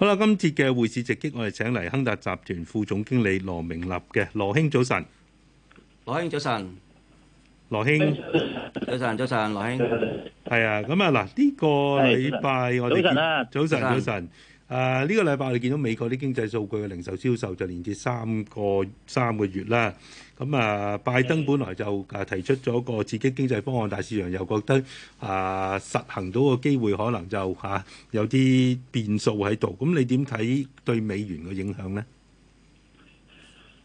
好啦，今次嘅匯市直擊，我哋請嚟亨達集團副總經理羅明立嘅，羅兄早晨。羅兄早晨。羅兄早晨，早晨羅兄。係啊，咁啊嗱，呢個禮拜我哋早晨，早晨，早晨。誒，呢、 啊、個禮拜我哋見、啊，這個、到美國啲經濟數據嘅零售銷售就連跌三個三個月啦。咁啊，拜登本來就啊提出咗個刺激經濟方案，大市場又覺得啊實行到個機會可能就嚇有啲變數喺度。咁你點睇對美元嘅影響咧？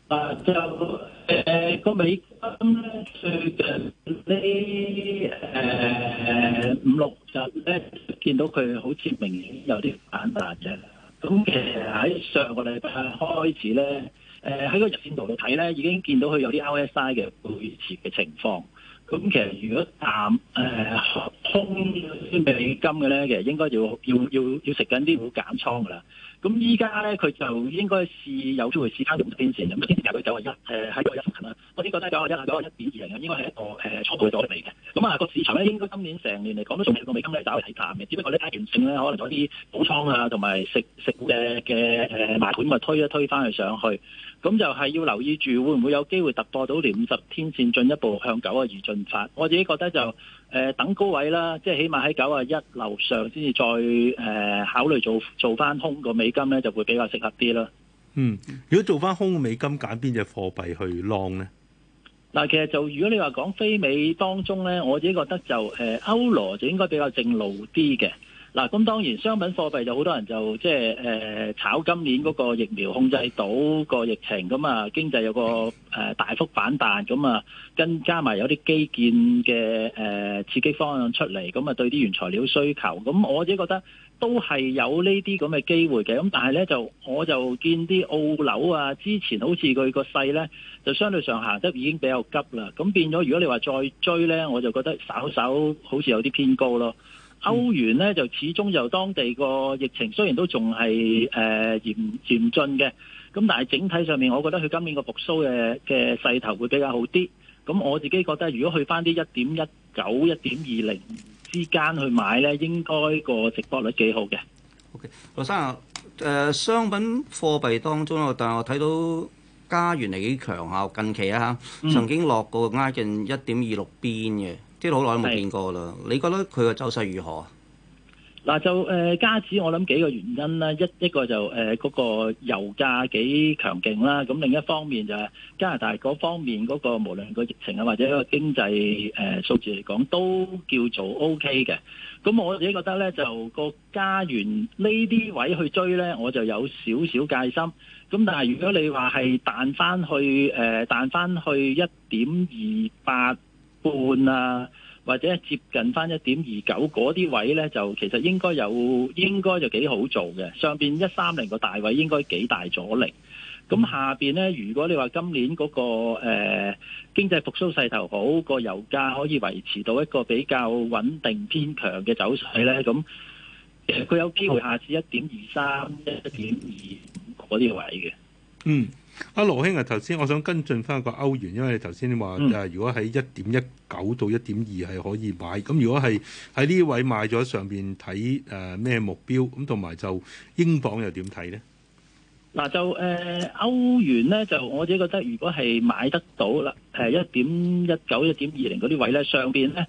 啊，就誒個美金咧最近呢誒五六日咧見到佢好似明顯有啲反彈嘅。咁其實喺上個禮拜開始咧。誒、呃、喺個日線圖嚟睇咧，已經見到佢有啲 RSI 嘅背馳嘅情況。咁其實如果淡，誒空啲美金嘅咧，其實應該要要要要食緊啲好減倉㗎喇。咁依家咧，佢就應該是有機會試翻五十天線，咁天線大概九個一，誒喺九一附近啦。我只覺得九個一、九一點二係應該係一個誒、呃、初步嘅阻力嘅。咁啊，那個市場咧應該今年成年嚟講都仲未到美金咧稍為睇淡嘅。只不過呢，階段性咧可能有啲補倉啊，同埋食食嘅嘅誒賣盤咪推一推翻去上去。咁就係要留意住，會唔會有機會突破到連五十天線，進一步向九個二進發？我自己覺得就。誒等高位啦，即係起碼喺九啊一樓上先至再誒考慮做做翻空個美金咧，就會比較適合啲咯。嗯，如果做翻空個美金，揀邊隻貨幣去 long 咧？嗱，其實就如果你話講非美當中咧，我自己覺得就誒歐羅就應該比較正路啲嘅。嗱，咁當然商品貨幣就好多人就即係誒炒今年嗰個疫苗控制到個疫情，咁啊經濟有個誒大幅反彈，咁啊跟加埋有啲基建嘅誒刺激方向出嚟，咁啊對啲原材料需求，咁我自己覺得都係有呢啲咁嘅機會嘅。咁但係呢，就我就見啲澳紐啊，之前好似佢個勢呢，就相對上行得已經比較急啦。咁變咗，如果你話再追呢，我就覺得稍稍好似有啲偏高咯。歐元咧就始終由當地個疫情雖然都仲係誒嚴嚴峻嘅。咁但係整體上面，我覺得佢今年個復甦嘅嘅勢頭會比較好啲。咁我自己覺得，如果去翻啲一點一九、一點二零之間去買咧，應該個值博率幾好嘅。O.K. 羅生，誒商品貨幣當中，但我睇到加元嚟幾強效，近期啊，曾經落過壓近一點二六邊嘅。即係好耐都冇見過啦。你覺得佢個走勢如何啊？嗱，就誒、呃、加紙，我諗幾個原因啦。一一個就誒嗰、呃、那個油價幾強勁啦。咁另一方面就係加拿大嗰方面嗰、那個無論個疫情啊或者一個經濟誒、呃、數字嚟講都叫做 O K 嘅。咁我自己覺得咧就個加元呢啲位去追咧，我就有少少戒心。咁但係如果你話係彈翻去誒、呃、彈翻去一點二八半啊，或者接近翻一點二九嗰啲位呢，就其實應該有，應該就幾好做嘅。上邊一三零個大位應該幾大阻力。咁下邊呢，如果你話今年嗰、嗰個誒、呃、經濟復甦勢頭好，個油價可以維持到一個比較穩定偏強嘅走勢呢，咁佢有機會下至一點二三、一點二五嗰啲位嘅。嗯。阿羅兄啊，頭先我想跟進翻個歐元，因為你頭先話誒，如果喺一點一九到一點二係可以買，咁如果係喺呢位買咗，上邊睇誒咩目標？咁同埋就英鎊又點睇呢？嗱，就、呃、誒歐元呢，就我自己覺得如果係買得到啦，誒一點一九、一點二零嗰啲位呢，上邊呢。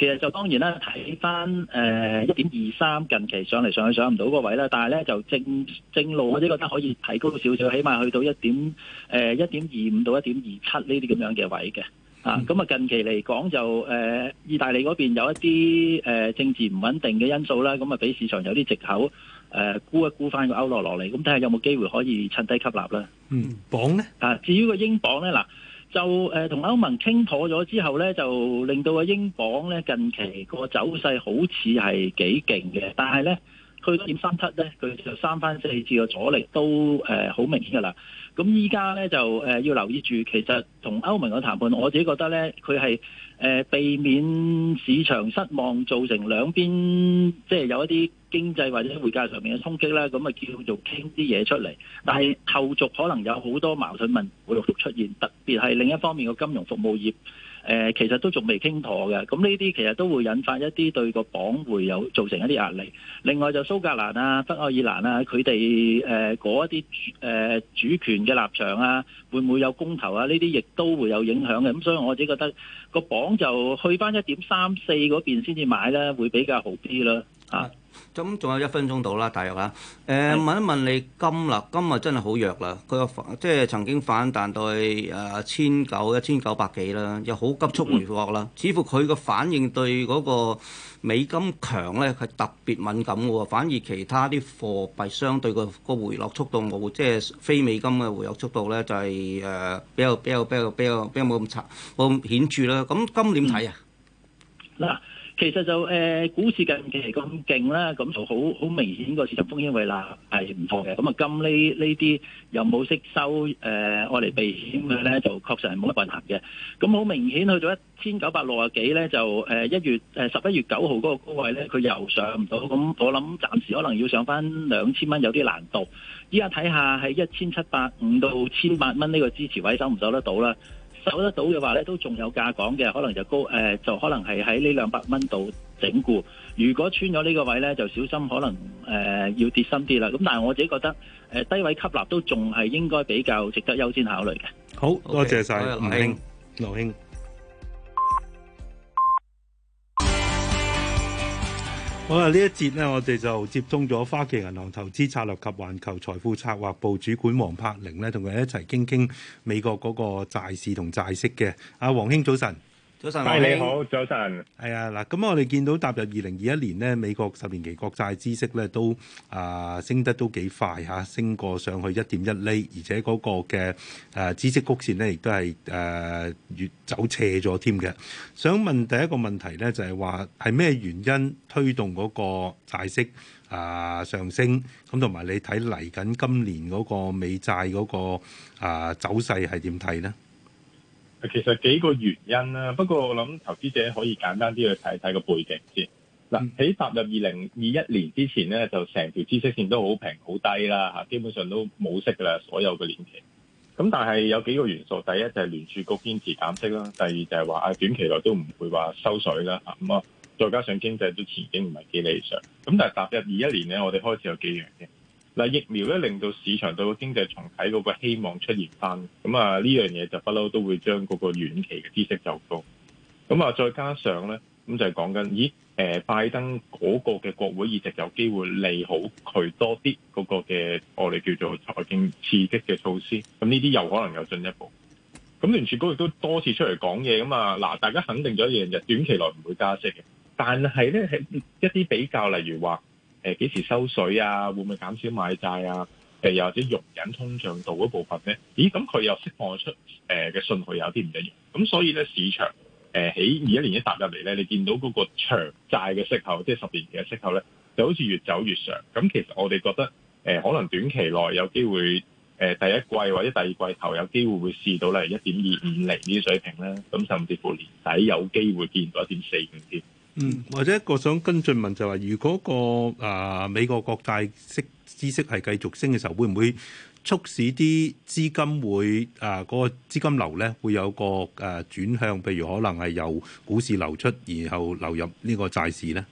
其實就當然啦，睇翻誒一點二三近期上嚟上去上唔到個位啦，但係咧就正正路我者覺得可以提高少少，起碼去到一點誒一點二五到一點二七呢啲咁樣嘅位嘅啊。咁啊近期嚟講就、呃、意大利嗰邊有一啲、呃、政治唔穩定嘅因素啦，咁啊俾市場有啲藉口誒、呃、沽一沽翻個歐羅落嚟，咁睇下有冇機會可以趁低吸納啦、啊。嗯，磅咧啊，至於個英鎊咧嗱。就誒同、呃、歐盟傾妥咗之後呢，就令到個英鎊呢近期個走勢好似係幾勁嘅，但係呢。佢點三七咧，佢就三番四次嘅阻力都誒好明顯㗎啦。咁依家咧就誒要留意住，其實同歐盟嘅談判，我自己覺得咧，佢係誒避免市場失望造成兩邊即係有一啲經濟或者匯價上面嘅衝擊咧，咁啊叫做傾啲嘢出嚟。但係後續可能有好多矛盾問會陸續出現，特別係另一方面嘅金融服務業。誒其實都仲未傾妥嘅，咁呢啲其實都會引發一啲對個鎊會有造成一啲壓力。另外就蘇格蘭啊、北愛爾蘭啊，佢哋誒嗰一啲誒主權嘅立場啊，會唔會有公投啊？呢啲亦都會有影響嘅。咁所以我只覺得個鎊就去返一點三四嗰邊先至買咧，會比較好啲囉，啊。咁仲有一分鐘到啦，大約啦。誒、呃，問一問你金啦，金啊真係好弱啦。佢個即係曾經反彈到去千九一千九百幾啦，又好急速回落啦。似乎佢個反應對嗰個美金強咧係特別敏感喎，反而其他啲貨幣相對個個回落速度，冇，即係非美金嘅回落速度咧就係誒比較比較比較比較比較冇咁差，冇咁顯著啦。咁金點睇啊？嗱、嗯。其實就誒、呃，股市近期咁勁啦，咁就好好明顯個市場風險位啦，係唔錯嘅。咁啊，金呢呢啲又冇息收，誒、呃，愛嚟避險嘅咧，就確實係冇乜運行嘅。咁好明顯去到一千九百六啊幾咧，就誒一月、呃、十一月九號嗰個高位咧，佢又上唔到。咁我諗暫時可能要上返兩千蚊有啲難度。依家睇下係一千七百五到千八蚊呢個支持位收唔收得到啦。守得到嘅話咧，都仲有價講嘅，可能就高誒、呃，就可能係喺呢兩百蚊度整固。如果穿咗呢個位咧，就小心可能誒、呃、要跌深啲啦。咁但係我自己覺得誒、呃、低位吸納都仲係應該比較值得優先考慮嘅。好、okay. 多謝曬，羅、okay. 兄。好啦，呢一節呢我哋就接通咗花旗銀行投資策略及環球財富策劃部主管黃柏寧呢，同佢一齊傾傾美國嗰個債市同債息嘅。阿黃兄，早晨。早晨，Hi，你好，早晨。係啊，嗱，咁我哋見到踏入二零二一年咧，美國十年期國債孳息咧都啊升得都幾快嚇、啊，升過上去一點一厘，而且嗰個嘅誒孳息曲線咧，亦都係誒、啊、越走斜咗添嘅。想問第一個問題咧，就係話係咩原因推動嗰個債息啊上升？咁同埋你睇嚟緊今年嗰個美債嗰、嗰個啊走勢係點睇咧？其實幾個原因啦，不過我諗投資者可以簡單啲去睇睇個背景先。嗱、嗯，喺踏入二零二一年之前咧，就成條孳息線，都好平好低啦，吓，基本上都冇息噶啦，所有嘅年期。咁但係有幾個元素，第一就係聯儲局堅持減息啦，第二就係話啊短期內都唔會話收水啦，吓咁啊，再加上經濟都前景唔係幾理想。咁但係踏入二一年咧，我哋開始有幾樣嘅。嗱，疫苗咧令到市場對個經濟重啟嗰個希望出現翻，咁啊呢樣嘢就不嬲都會將嗰個遠期嘅孳息就高，咁啊再加上咧，咁就係講緊，咦拜登嗰個嘅國會議席有機會利好佢多啲嗰個嘅我哋叫做財政刺激嘅措施，咁呢啲又可能有進一步，咁聯儲局亦都多次出嚟講嘢，咁啊嗱，大家肯定咗一樣嘢，日短期內唔會加息嘅，但係咧一啲比較，例如話。誒、呃，幾時收水啊？會唔會減少買債啊？誒、呃，又或者容忍通脹度嗰部分呢？咦，咁佢又釋放出誒嘅、呃、信號有啲唔一樣。咁所以呢，市場誒喺二一年一踏入嚟呢，你見到嗰個長債嘅息口，即、就、係、是、十年期嘅息口呢，就好似越走越上。咁其實我哋覺得誒、呃，可能短期內有機會，誒、呃、第一季或者第二季頭有機會會試到呢一點二五厘呢啲水平呢，咁甚至乎年底有機會見到一點四五厘。或者一個想跟進問就係，如果個啊美國國債息孳息係繼續升嘅時候，會唔會促使啲資金會啊嗰個資金流咧會有個誒轉向？譬如可能係由股市流出，然後流入呢個債市咧？誒、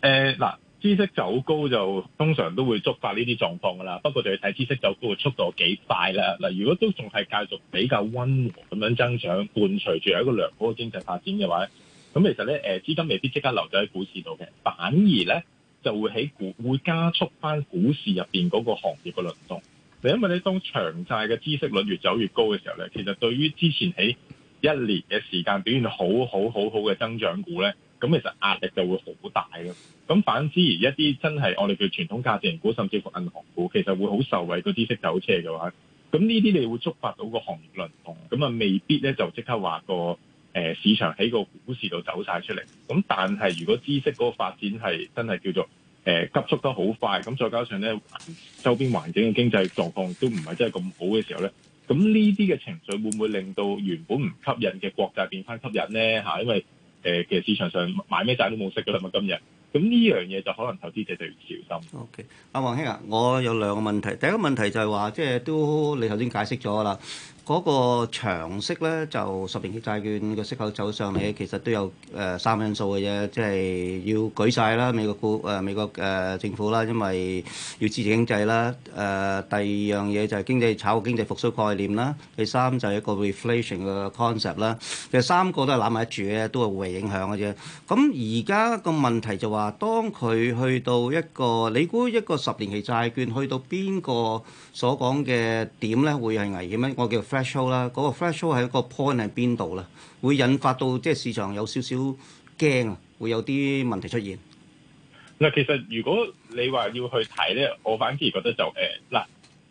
呃、嗱，孳息走高就通常都會觸發呢啲狀況噶啦。不過就要睇孳息走高嘅速度幾快啦。嗱、呃，如果都仲係繼續比較溫和咁樣增長，伴隨住有一個良好嘅經濟發展嘅話，咁其實咧，誒資金未必即刻留咗喺股市度嘅，反而咧就會喺股會加速翻股市入邊嗰個行業嘅輪動。你因為咧，當長債嘅孳息率越走越高嘅時候咧，其實對於之前喺一年嘅時間表現好好好好嘅增長股咧，咁其實壓力就會好大嘅。咁反之，而一啲真係我哋叫傳統價值型股，甚至乎銀行股，其實會好受惠個孳息走車嘅話，咁呢啲你會觸發到個行業輪動，咁啊未必咧就即刻話個。誒，市場喺個股市度走晒出嚟。咁但係如果知識嗰個發展係真係叫做誒、呃、急速得好快，咁再加上咧周邊環境嘅經濟狀況都唔係真係咁好嘅時候咧，咁呢啲嘅情緒會唔會令到原本唔吸引嘅國債變翻吸引咧？吓，因為誒、呃、其實市場上買咩債都冇息噶啦嘛，今日。咁呢樣嘢就可能投資者就要小心。O K.，阿黃兄啊，我有兩個問題，第一個問題就係話，即、就、係、是、都你頭先解釋咗啦。嗰、那個長息咧，就十年期債券個息口走上嚟，其實都有誒、呃、三個因素嘅啫，即係要舉債啦，美國股誒、呃、美國誒、呃、政府啦，因為要支持經濟啦。誒、呃、第二樣嘢就係經濟炒經濟復甦概念啦。第三就係一個 reflation 嘅 concept 啦。其實三個都係攬埋一住嘅，都係會影響嘅啫。咁而家個問題就話，當佢去到一個你估一個十年期債券去到邊個所講嘅點咧，會係危險咧？我叫 flash 啦，嗰個 flash show 係一個 point 係邊度咧？會引發到即係市場有少少驚啊，會有啲問題出現。嗱，其實如果你話要去睇咧，我反而覺得就誒嗱、呃，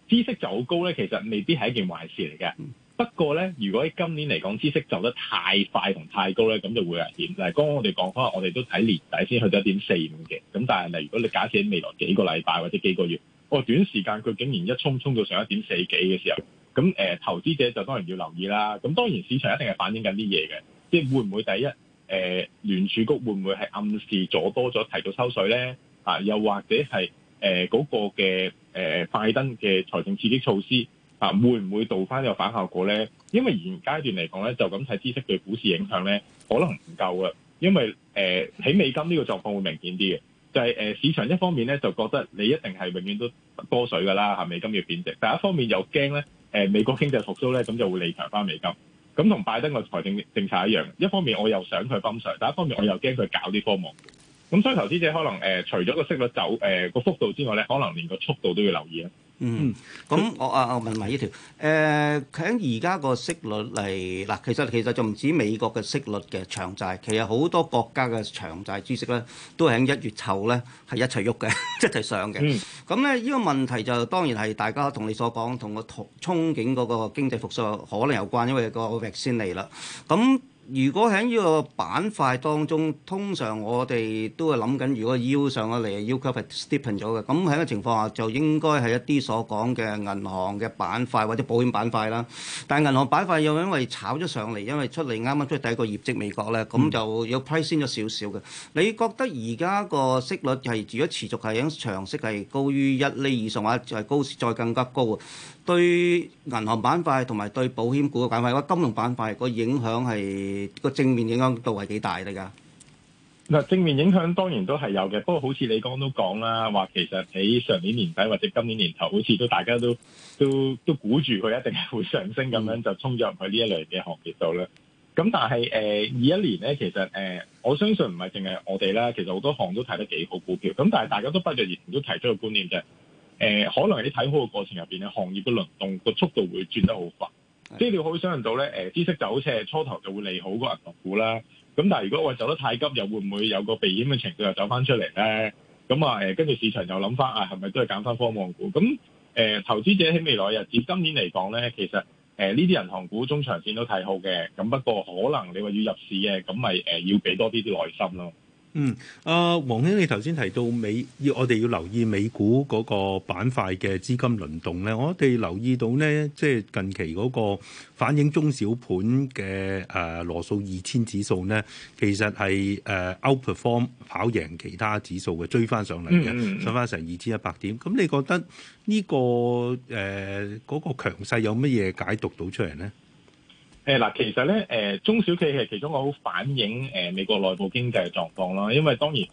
知識走高咧，其實未必係一件壞事嚟嘅。不過咧，如果喺今年嚟講知識走得太快同太高咧，咁就會危險。嗱，剛剛我哋講返，我哋都睇年底先去到一點四五嘅，咁但係，如果你假設未來幾個禮拜或者幾個月，哦，短時間佢竟然一衝衝到上一點四幾嘅時候。咁誒，投資者就當然要留意啦。咁當然市場一定係反映緊啲嘢嘅，即係會唔會第一誒聯儲局會唔會係暗示咗多咗提早收水咧？啊，又或者係誒嗰個嘅誒拜登嘅財政刺激措施啊，會唔會導返有反效果咧？因為現階段嚟講咧，就咁睇孳息對股市影響咧，可能唔夠啊。因為誒喺美金呢個狀況會明顯啲嘅，就係誒市場一方面咧就覺得你一定係永遠都多水㗎啦，係美金要貶值，但一方面又驚咧。誒、呃、美國經濟復甦咧，咁就會理強翻美金，咁同拜登嘅財政政策一樣。一方面我又想佢泵稅，但一方面我又驚佢搞啲科目。咁所以投資者可能誒、呃，除咗個息率走誒個、呃、幅度之外咧，可能連個速度都要留意啊。嗯，咁、嗯嗯、我啊問埋呢條，誒喺而家個息率嚟，嗱其實其實就唔止美國嘅息率嘅長債，其實好多國家嘅長債孳息咧，都喺一月後咧係一齊喐嘅。 一齊上嘅。咁咧呢個問題就當然係大家同你所講同個憧憬嗰個經濟復甦可能有關，因為個疫先嚟啦。咁如果喺呢個板塊當中，通常我哋都係諗緊，如果腰上咗嚟，U curve steepen 咗嘅，咁喺個情況下就應該係一啲所講嘅銀行嘅板塊或者保險板塊啦。但係銀行板塊又因為炒咗上嚟，因為出嚟啱啱出第一個業績未過咧，咁就有 price 先咗少少嘅。Mm-hmm. 你覺得而家個息率係如果持續係喺長息係高於一厘以上，或者係高再更加高？對銀行板塊同埋對保險股嘅板塊，或者金融板塊個影響係個正面影響度係幾大嚟噶？嗱，正面影響當然都係有嘅，不過好似你剛都講啦，話其實喺上年年底或者今年年頭，好似都大家都都都估住佢一定係會上升咁樣就衝咗入去呢一類嘅行業度啦。咁但係誒二一年咧，其實誒、呃、我相信唔係淨係我哋啦，其實好多行都睇得幾好股票，咁但係大家都不約而同都提出個觀念啫。誒、呃、可能喺睇好嘅過程入邊咧，行業嘅輪動個速度會轉得好快，即係你好想像到咧，誒、呃、孳息就好似係初頭就會利好個銀行股啦，咁但係如果我走得太急，又會唔會有個避險嘅情緒又走翻出嚟咧？咁啊誒，跟、呃、住市場又諗翻啊，係咪都係減翻科網股？咁誒、呃、投資者喺未來日子，今年嚟講咧，其實誒呢啲銀行股中長線都睇好嘅，咁不過可能你話要入市嘅，咁咪誒要俾多啲啲耐心咯。嗯，阿、啊、黃兄，你頭先提到美要我哋要留意美股嗰個板塊嘅資金輪動咧，我哋留意到咧，即係近期嗰個反映中小盤嘅誒、啊、羅素二千指數咧，其實係誒、啊、outperform 跑贏其他指數嘅，追翻上嚟嘅，上翻成二千一百點。咁、嗯嗯、你覺得呢、呢個誒嗰、呃嗰個強勢有乜嘢解讀到出嚟咧？誒嗱，其實咧，誒中小企係其中一個好反映誒美國內部經濟嘅狀況啦，因為當然，誒、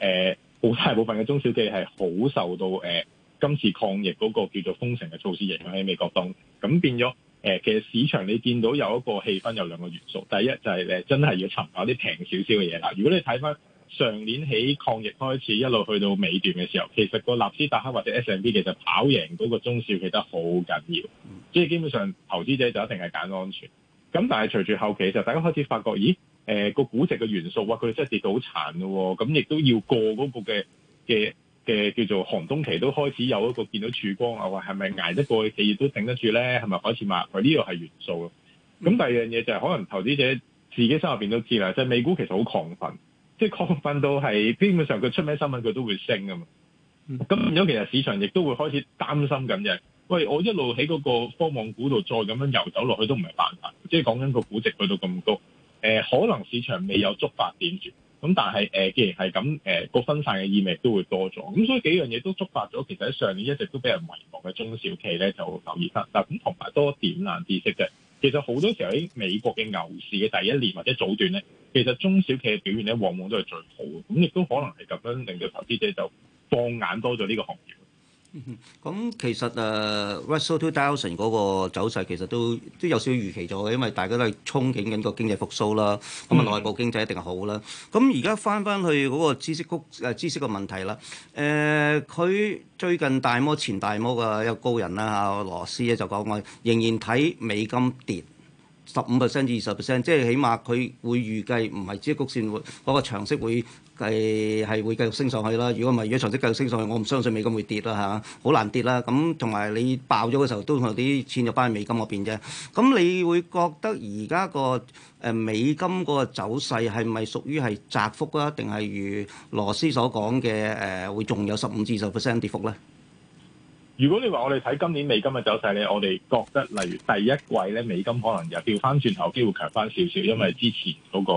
呃、好大部分嘅中小企係好受到誒、呃、今次抗疫嗰個叫做封城嘅措施影響喺美國東，咁變咗誒、呃、其實市場你見到有一個氣氛，有兩個元素。第一就係誒真係要尋找啲平少少嘅嘢啦。如果你睇翻上年起抗疫開始一路去到尾段嘅時候，其實個納斯達克或者 S M B 其實跑贏嗰個中小企得好緊要，即係基本上投資者就一定係揀安全。咁但係隨住後期就大家開始發覺，咦？誒、呃、個估值嘅元素啊，佢真係跌到好慘嘅喎。咁亦都要過嗰個嘅嘅嘅叫做寒冬期，都開始有一個見到曙光啊！係咪捱得過去？企業都頂得住咧？係咪開始抹佢呢個係元素咯。咁、mm -hmm. 第二樣嘢就係、是、可能投資者自己心入面都知啦，即、就、係、是、美股其實好亢奮，即係亢奮到係基本上佢出咩新聞佢都會升㗎嘛。咁、mm、變 -hmm. 其實市場亦都會開始擔心咁嘅。喂，我一路喺嗰個科網股度再咁樣游走落去都唔係辦法，即係講緊個估值去到咁高。誒、呃，可能市場未有觸發點住，咁但係誒、呃，既然係咁，誒、呃、個分散嘅意味都會多咗。咁所以幾樣嘢都觸發咗，其實喺上年一直都俾人遺忘嘅中小企咧就留意翻但咁同埋多點冷知識嘅，其實好多時候喺美國嘅牛市嘅第一年或者早段咧，其實中小企嘅表現咧往往都係最好的。咁亦都可能係咁樣令到投資者就放眼多咗呢個行業。咁、嗯嗯嗯、其實誒 Russell Two Thousand 嗰個走勢其實都都有少少預期咗，因為大家都係憧憬緊個經濟復甦啦，咁、嗯、啊內部經濟一定係好啦。咁而家翻翻去嗰個孳息曲、啊、孳息嘅問題啦，佢、呃、最近大摩前大摩嘅高人啦嚇，啊、羅斯咧就講我仍然睇美金跌十五 percent 至二十 percent，即係起碼佢會預計唔係孳息曲線會嗰、那個長息會係係會繼續升上去啦。如果唔係，如果長息繼續升上去，我唔相信美金會跌啦嚇，好難跌啦。咁同埋你爆咗嘅時候，都有啲錢就返去美金嗰邊啫。咁你會覺得而家個誒美金嗰個走勢係咪屬於係窄幅啊？定係如羅斯所講嘅誒，會仲有十五至十 percent 跌幅咧？如果你話我哋睇今年美金嘅走勢咧，我哋覺得例如第一季咧，美金可能又調翻轉頭，機會強翻少少，因為之前嗰個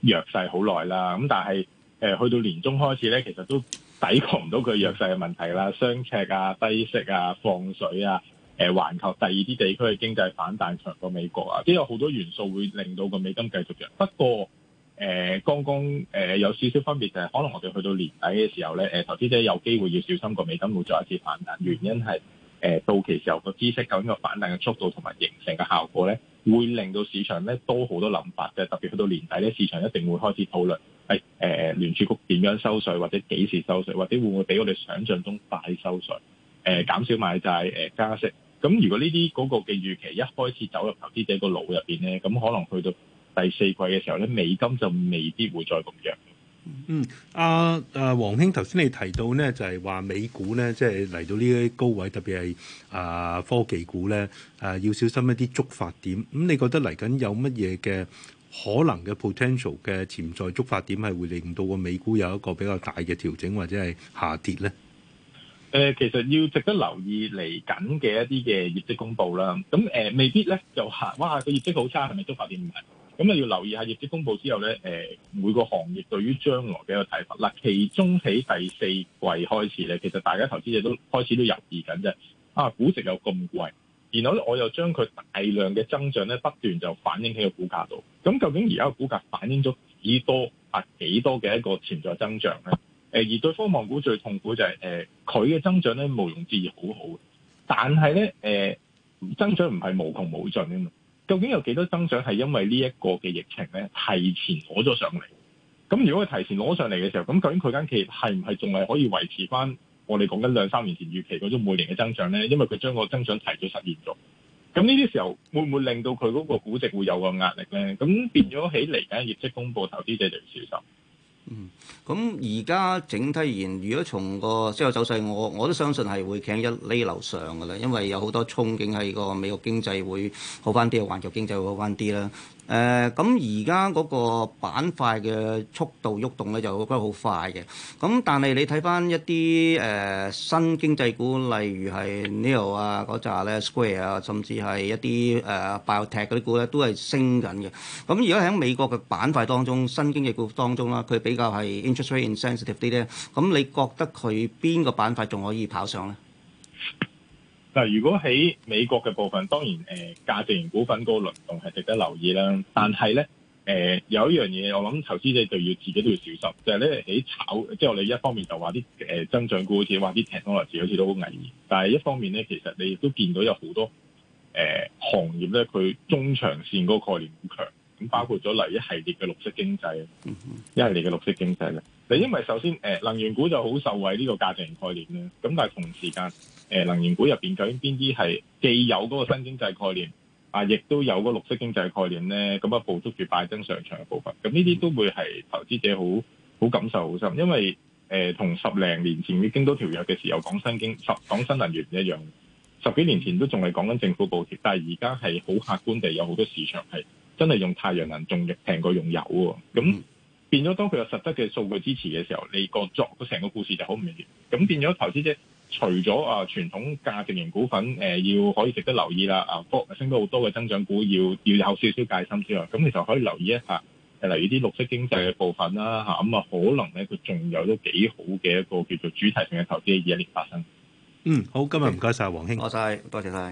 弱勢好耐啦。咁但係誒、呃、去到年中開始咧，其實都抵抗唔到佢弱勢嘅問題啦，雙赤啊、低息啊、放水啊、誒、呃、環球第二啲地區嘅經濟反彈強過美國啊，都有好多元素會令到個美金繼續弱。不過誒、呃，剛剛誒、呃、有少少分別就係、是，可能我哋去到年底嘅時候咧，誒投資者有機會要小心個美金會再一次反彈。原因係誒、呃、到期時候個孳息究竟個反彈嘅速度同埋形成嘅效果咧，會令到市場咧多好多諗法嘅。即特別去到年底咧，市場一定會開始討論。係、哎、誒，聯、呃、儲局點樣收水，或者幾時收水，或者會唔會比我哋想象中快收水？誒、呃，減少買債，誒、呃，加息。咁如果呢啲嗰個嘅預期一開始走入投資者個腦入邊咧，咁可能去到第四季嘅時候咧，美金就未必會再咁弱。嗯，阿阿黃兄頭先你提到咧，就係話美股咧，即係嚟到呢啲高位，特別係啊科技股咧，啊要小心一啲觸發點。咁、嗯、你覺得嚟緊有乜嘢嘅？可能嘅 potential 嘅潛在觸發點係會令到個美股有一個比較大嘅調整或者係下跌咧。誒、呃，其實要值得留意嚟緊嘅一啲嘅業績公佈啦。咁誒、呃，未必咧就嚇哇個業績好差，係咪觸發點唔係？咁啊要留意下業績公佈之後咧，誒、呃、每個行業對於將來嘅一個睇法嗱，其中喺第四季開始咧，其實大家投資者都開始都猶豫緊嘅，啊，估值又咁貴。然後咧，我又將佢大量嘅增長咧不斷就反映喺個股價度。咁究竟而家個股價反映咗幾多啊？幾多嘅一個潛在增長咧？而對科網股最痛苦就係佢嘅增長咧無庸置疑好好，但係咧、呃、增長唔係無窮無盡啊嘛。究竟有幾多增長係因為呢一個嘅疫情咧提前攞咗上嚟？咁如果佢提前攞上嚟嘅時候，咁究竟佢間企業係唔係仲係可以維持返？我哋講緊兩三年前預期嗰種每年嘅增長咧，因為佢將個增長提早實現咗，咁呢啲時候會唔會令到佢嗰個估值，會有個壓力咧？咁變咗起嚟，而家業績公布，投資者就唔少受。嗯，咁而家整體而言，如果從個之後走勢，我我都相信係會向一厘樓上噶啦，因為有好多憧憬係個美國經濟會好翻啲，環球經濟會好翻啲啦。誒咁而家嗰個板塊嘅速度喐動咧就會覺得好快嘅，咁但係你睇翻一啲誒、呃、新經濟股，例如係 Nio 啊嗰紮咧，Square 啊，甚至係一啲誒 Biotech 嗰啲股咧，都係升緊嘅。咁而家喺美國嘅板塊當中，新經濟股當中啦，佢比較係 interest rate sensitive 啲咧。咁你覺得佢邊個板塊仲可以跑上咧？嗱，如果喺美國嘅部分，當然誒、呃、價值型股份嗰個輪動係值得留意啦。但係咧，誒、呃、有一樣嘢，我諗投資者就要自己都要小心，就係咧喺炒，即係我哋一方面就話啲誒增長股，好似話啲 technology 好似都好危險。但係一方面咧，其實你亦都見到有好多誒、呃、行業咧，佢中長線嗰個概念好強，咁包括咗嚟一系列嘅綠色經濟，嗯，一系列嘅綠色經濟你，因為首先誒、呃、能源股就好受惠呢個價值型概念咧，咁但係同時間。誒，能源股入邊究竟邊啲係既有嗰個新經濟概念啊，亦都有個綠色經濟概念咧？咁啊，捕捉住拜登上場嘅部分，咁呢啲都會係投資者好好感受好深，因為誒，同、呃、十零年前嘅京都條約嘅時候講新經十講新能源唔一樣，十幾年前都仲係講緊政府補貼，但係而家係好客觀地有好多市場係真係用太陽能仲平過用油喎。咁變咗當佢有實質嘅數據支持嘅時候，你個作個成個故事就好唔一樣。咁變咗投資者。除咗啊，傳統價值型股份誒、呃，要可以值得留意啦。啊，升到好多嘅增長股要，要要有少少戒心之外，咁你就可以留意一下，例如呢啲綠色經濟嘅部分啦。嚇、啊，咁、嗯、啊，可能咧，佢仲有都幾好嘅一個叫做主題性嘅投資，二一年發生。嗯，好，今日唔該晒黃兄，唔該，多謝晒。